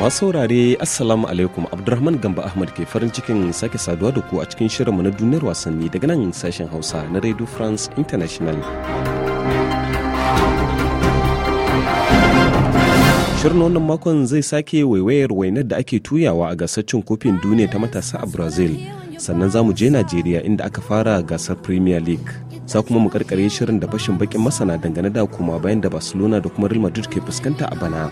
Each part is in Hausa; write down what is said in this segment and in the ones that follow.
masu saurare assalamu alaikum abdulrahman gamba ahmad ke farin cikin sake saduwa da ku a cikin shirinmu na duniyar wasanni daga nan sashen hausa na radio france international shirin wannan makon zai sake waiwayar wainar da ake tuyawa a gasar kofin duniya ta matasa a brazil sannan za mu je najeriya inda aka fara gasar premier league za kuma mu karkare shirin da fashin bakin masana dangane da kuma bayan da barcelona da kuma real madrid ke fuskanta a bana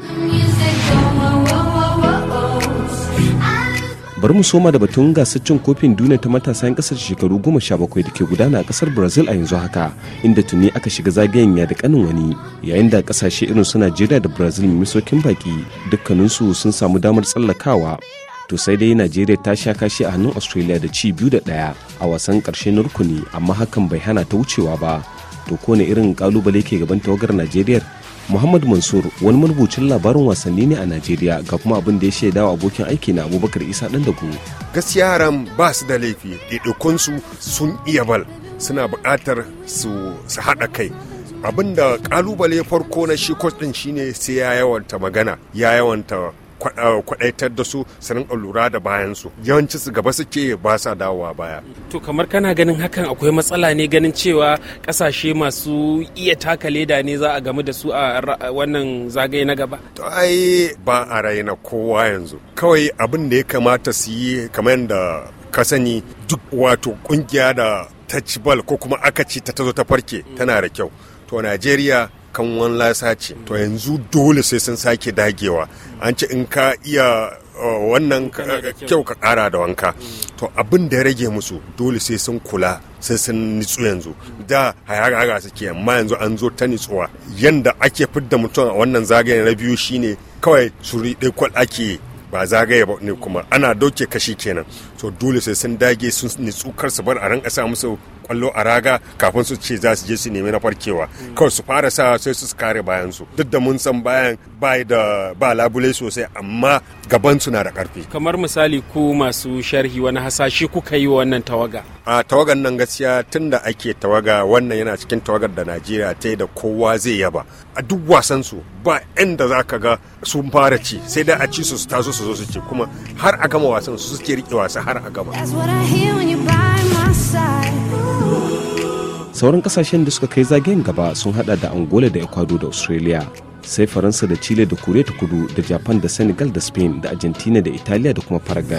bari mu soma da batun gasar cin kofin duniya ta matasa 'yan kasar shekaru goma sha bakwai da ke gudana a kasar brazil a yanzu haka inda tuni aka shiga zagayen ya da kanin wani yayin da kasashe irin su najeriya da brazil mai misokin baki dukkaninsu sun samu damar tsallakawa to sai dai najeriya ta sha kashi a hannun australia da ci biyu da ɗaya a wasan karshe na rukuni amma hakan bai hana ta wucewa ba to kone irin kalubale ke gaban tawagar najeriya muhammad mansur wani marubucin labarin wasanni ne a najeriya ga kuma abin da ya shaida wa abokin aiki na abubakar isa dan dago gaskiya ran ba su da laifi su sun iya bal suna buƙatar su haɗa kai abin da ƙalubale farko na shi coach ɗin shine sai ya yawanta magana ya yawanta Eh, kwadaitar da su sanin a lura da bayansu. su yawanci su gaba suke ba sa dawowa baya to kamar kana ganin hakan akwai matsala ne ganin cewa kasashe masu iya taka leda ne za a gamu da su a wannan zagaye na gaba to ai ba a raina kowa yanzu kawai abin da ya kamata su yi kamar da ka sani duk wato kungiya da ta ko kuma aka ci ta tazo ta farke tana da kyau to najeriya kanwan lasa ce to yanzu dole sai sun sake dagewa an ce in ka iya uh, wannan kyau ka kara da wanka to abin da ya rage musu dole sai sun kula sai sun nitsu yanzu da hayaga suke amma yanzu an zo ta nitsuwa yanda ake fidda mutum a wannan zagaye na biyu shine kawai suri kwal ake ba zagaye ba ne kuma ana dauke kashi kenan to dole sai sun dage sun nitsu kar su bar a ranka sa musu kwallo a raga kafin su ce za su je su nemi na farkewa mm. kawai su fara sa sai su kare bayan su duk da mun san bayan bai da ba labule sosai amma gaban su na da karfi kamar misali ku masu sharhi wani hasashe kuka yi wannan tawaga a tawagan nan gaskiya tun da ake tawaga wannan yana cikin tawagar da najeriya ta da kowa zai yaba a duk wasan su ba inda za ka ga sun fara ci sai dai a ci su su taso su zo su ci kuma har a gama wasan su suke rike wasa har a gama That's what I hear when you're by my side. sauran kasashen da suka kai zagayen gaba sun hada da angola da ecuador da australia sai faransa da chile da kure ta kudu da japan da senegal da spain da argentina da italiya da kuma paraguay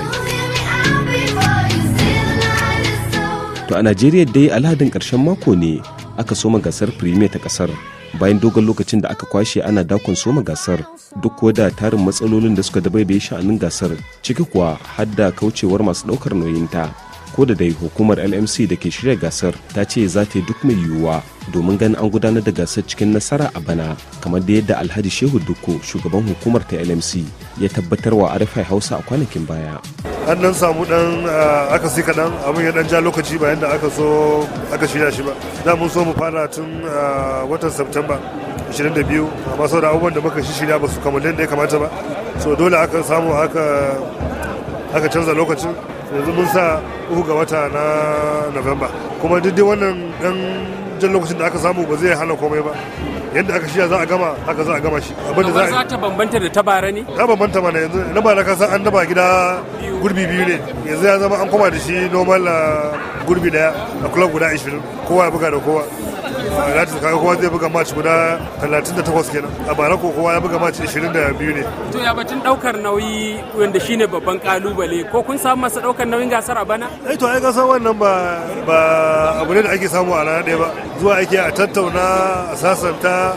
to a najeriya dai alhadin karshen mako ne aka soma gasar premier ta kasar bayan dogon lokacin da aka kwashe ana dakon soma gasar duk kuwa da tarin matsalolin da suka dabaibaye sha'anin gasar ciki kuwa hadda kaucewar masu daukar nauyinta ko da dai hukumar lmc da ke shirya gasar ta ce za ta yi duk mai yiwuwa domin ganin an gudanar da gasar cikin nasara a bana kamar da yadda alhaji shehu dukko shugaban hukumar ta lmc ya tabbatar wa arifai hausa a kwanakin baya an nan samu dan ah, aka si kaɗan abin ya dan ja lokaci bayan da aka so aka shirya shi ba za mu so mu fara tun ah, watan september 22 amma sau da abubuwan da muka shirya ba su kamar da ya kamata ba so dole aka samu aka canza lokacin yanzu mun sa uku ga wata na november kuma duk wannan dan jan lokacin da aka samu ba zai hana komai ba yadda aka shiya za a gama haka za a gama shi abinda za a yi ta bambanta da tabara ne ta bambanta mana yanzu na bara ka san an daba gida gurbi biyu ne yanzu ya zama an koma da shi normal ah, gurbi daya a kula guda 20 kowa ya buga da kowa United kaga kowa zai buga match guda 38 kenan a bara ko kowa ya buga match 22 ne to ya batun daukar nauyi wanda shine babban kalubale ko kun samu masa daukar nauyin gasar a bana eh to ai gasar wannan ba ba abu ne da ake samu a rana ɗaya ba zuwa ake a tattauna a sasanta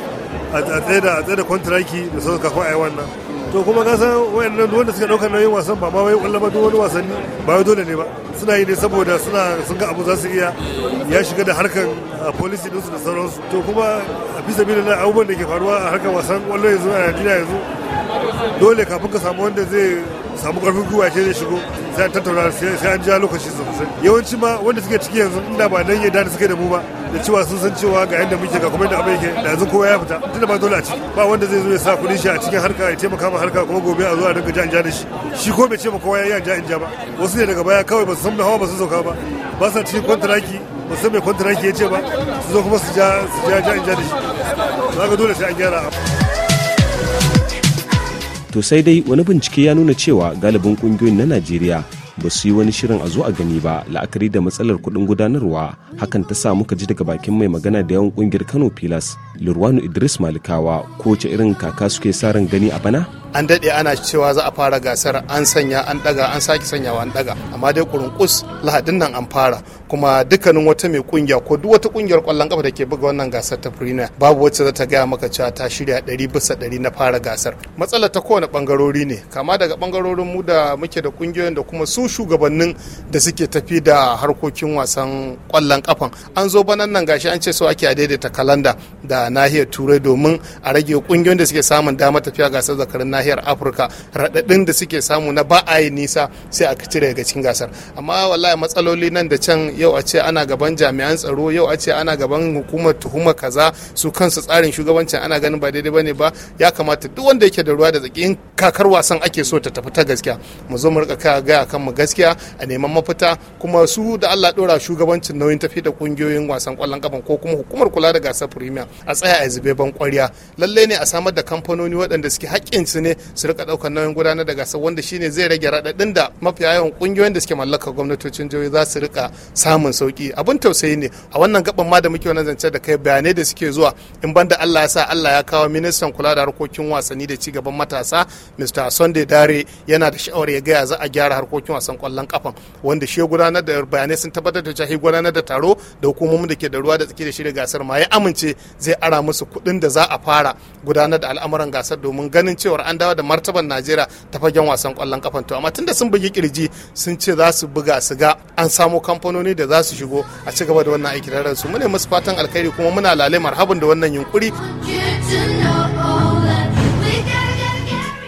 a tsaye da a tsaye da kwantiraki da sauran kafin a yi wannan to kuma ka san wayannan wanda suka dauka nauyin wasan ba ma wai kullum ba wani wasanni ba wai dole ne ba suna yi ne saboda suna sun ga abu za su iya ya shiga da harkan ah, policy din su da sauransu to kuma a bisa bi da abubuwan da ke faruwa a harkar wasan wallahi yanzu a yanzu dole kafin ka samu wanda zai samu karfin gwiwa ce zai shigo sai an tattauna sai an ja lokaci sosai yawanci ma wanda suke ciki yanzu inda ba nan yadda da suke da mu ba da cewa sun san cewa ga yadda muke ga kuma yadda abin yake da yanzu kowa ya fita tunda ba dole a ciki ba wanda zai zo ya sa kuɗin shi a cikin harka ya taimaka ma harka kuma gobe a zo a dinga ja in ja da shi shi ko bai ce ma kowa ya yi ja in ja ba wasu ne daga baya kawai ba su san hawa ba su sauka ba ba sa cikin kwantaraki ba su san mai kwantaraki ya ce ba su zo kuma su ja ja ja in ja da shi za ka dole sai an gyara abu to sai dai wani bincike ya nuna cewa galibin kungiyoyin na najeriya ba su yi wani shirin a zo a gani ba la'akari da matsalar kudin gudanarwa hakan ta sa muka ji daga bakin mai magana da yawan kungiyar kano pilas lurwanu idris malikawa ko ce irin kaka suke sa ran gani a bana an daɗe ana cewa za a fara gasar an sanya an ɗaga an sake sanyawa an ɗaga amma dai kurunkus lahadin nan an fara kuma dukkanin wata mai kungiya ko duk wata kungiyar kwallon kafa da ke buga wannan gasar ta firina. babu wacce za ta gaya maka cewa ta shirya ɗari bisa ɗari na fara gasar matsalar ta kowane bangarori ne kama daga bangarorin mu da muke da kungiyoyin da kuma su shugabannin da suke tafi da harkokin wasan kwallon kafan an zo banan nan gashi an ce so ake a daidaita kalanda da nahiyar turai domin a rage kungiyoyin da suke samun dama tafiya gasar zakarin nahiyar afirka raɗaɗin da suke samu na ba a yi nisa sai a cire daga cikin gasar amma wallahi matsaloli nan da can yau a ce ana gaban jami'an tsaro yau a ce ana gaban hukumar tuhuma kaza su kansu tsarin shugabancin ana ganin ba daidai bane ba ya kamata duk wanda yake da ruwa da tsaki kakar wasan ake so ta tafi ta gaskiya mu zo mu rika gaya kan mu gaskiya a neman mafita kuma su da Allah dora shugabancin nauyin tafi da kungiyoyin wasan kwallon kafa ko kuma hukumar kula da gasar premier a tsaya a zube ban kwariya lalle ne a samar da kamfanoni waɗanda suke haƙƙin su ne ne su rika daukar nauyin gudanar da gasar wanda shine zai rage raɗaɗin da mafiya yawan kungiyoyin da suke mallakar gwamnatocin jihohi za su rika samun sauki abin tausayi ne a wannan gaban ma da muke wannan zance da kai bayanai da suke zuwa in banda Allah ya sa Allah ya kawo ministan kula da harkokin wasanni da ci gaban matasa Mr. Sunday Dare yana da sha'awar ya gaya za a gyara harkokin wasan kwallon kafan wanda shi gudanar da bayanai sun tabbatar da jahi gudanar da taro da hukumomin da ke da ruwa da tsaki da shirya gasar ma ya amince zai ara musu kuɗin da za a fara gudanar da al'amuran gasar domin ganin cewar an an dawo da martaban najeriya ta fagen wasan kwallon kafan to amma tunda sun bugi kirji sun ce za su buga su ga an samo kamfanoni da za su shigo a ci gaba da wannan aiki da su mune ne musu fatan alkhairi kuma muna lalai marhaban da wannan yunkuri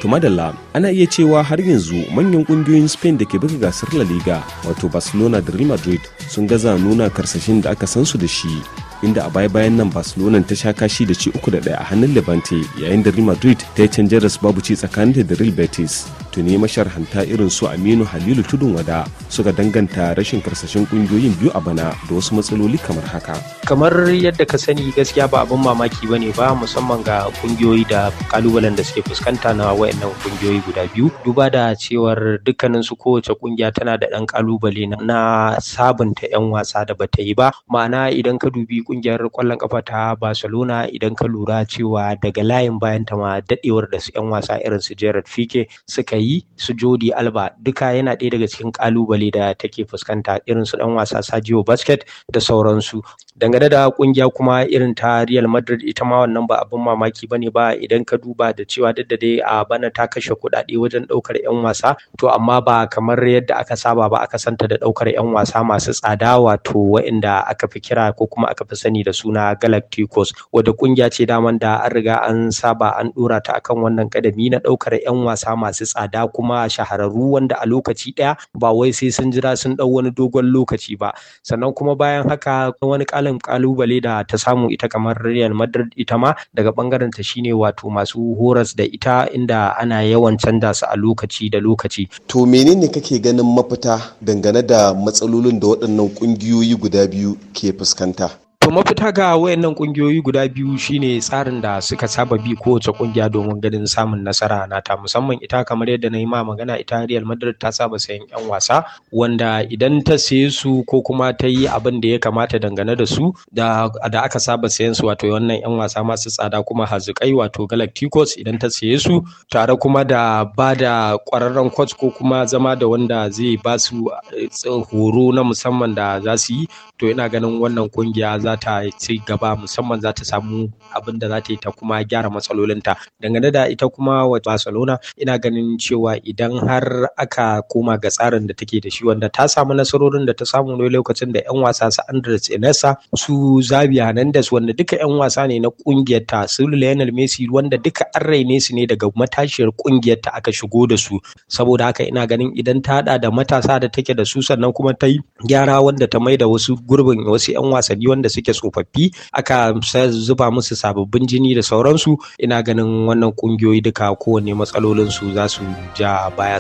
To madalla ana iya cewa har yanzu manyan kungiyoyin Spain da ke buga gasar La Liga wato Barcelona da Real Madrid sun gaza nuna karsashin da aka san su da shi inda a baya-bayan nan barcelona ta sha kashi da ci uku da ɗaya a hannun levante yayin da real madrid ta yi canjin rasu babu ci tsakanin da real betis tuni masharhanta irin su aminu halilu tudun wada suka danganta rashin karsashen kungiyoyin biyu a bana da wasu matsaloli kamar haka kamar yadda ka sani gaskiya ba abin mamaki bane ba musamman ga kungiyoyi da kalubalen da suke fuskanta na wayannan kungiyoyi guda biyu duba da cewar dukkanin su kowace kungiya tana da dan kalubale na sabunta yan wasa da bata yi ba ma'ana idan ka dubi kungiyar ƙwallon ƙafa ta Barcelona idan ka lura cewa daga layin bayan ta ma dadewar da su 'yan wasa irin su Gerard Pique suka yi su Jordi Alba duka yana ɗaya daga cikin kalubale da take fuskanta irin su ɗan wasa Sergio Basket da sauransu dangane da kungiya kuma irin ta Real Madrid ita ma wannan ba abin mamaki bane ba idan ka duba da cewa duk da dai a bana ta kashe kuɗaɗe wajen ɗaukar 'yan wasa to amma ba kamar yadda aka saba ba aka santa da ɗaukar 'yan wasa masu tsada wato wa'inda aka fi kira ko kuma aka fi sani da suna Galacticos wadda kungiya ce daman da an riga an saba an dora ta akan wannan kadami na daukar yan wasa masu tsada kuma shahararru wanda a lokaci daya ba wai sai sun jira sun dau wani dogon lokaci ba sannan kuma bayan haka wani kalin kalubale da ta samu ita kamar Real Madrid ita ma daga bangaren ta shine wato masu horas da ita inda ana yawan canza su a lokaci da lokaci to menene kake ganin mafita dangane da matsalolin da waɗannan ƙungiyoyi guda biyu ke fuskanta To mafita ga wayannan kungiyoyi guda biyu shine tsarin da suka saba bi kowace kungiya domin ganin samun nasara Na ta musamman ita kamar yadda na yi ma magana ita Real Madrid ta saba sayan 'yan wasa wanda idan ta saye su ko kuma ta yi abin da ya kamata dangane da su da aka saba sayan su wato wannan 'yan wasa masu tsada kuma hazikai wato Galacticos idan ta saye su tare kuma da ba da kwararren coach ko kuma zama da wanda zai ba su eh, horo na musamman da za su yi to ina ganin wannan kungiya za ta ci gaba musamman za ta samu abin da za ta yi ta kuma gyara matsalolinta dangane da ita kuma wa barcelona ina ganin cewa idan har aka koma ga tsarin da take da shi wanda ta samu nasarorin da ta samu ne lokacin da 'yan wasa su andres inesa su zabi hernandez wanda duka 'yan wasa ne na kungiyar ta su lionel messi wanda duka an raine su ne daga matashiyar kungiyar ta aka shigo da su saboda haka ina ganin idan ta hada da matasa da take da su sannan kuma ta yi gyara wanda ta mai da wasu gurbin wasu 'yan wasanni wanda suke tsofaffi aka zuba musu sababbin jini da sauransu ina ganin wannan kungiyoyi duka kowane matsalolinsu za su ja baya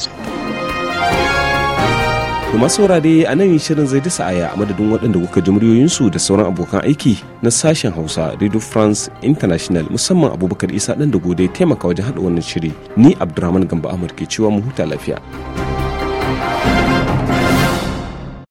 kuma saurare a nan shirin zai dasa aya a madadin waɗanda kuka ji muryoyinsu da sauran abokan aiki na sashen hausa radio france international musamman abubakar isa dan da gode taimaka wajen haɗa wannan shiri ni abdulrahman gamba ahmad ke cewa mu huta lafiya.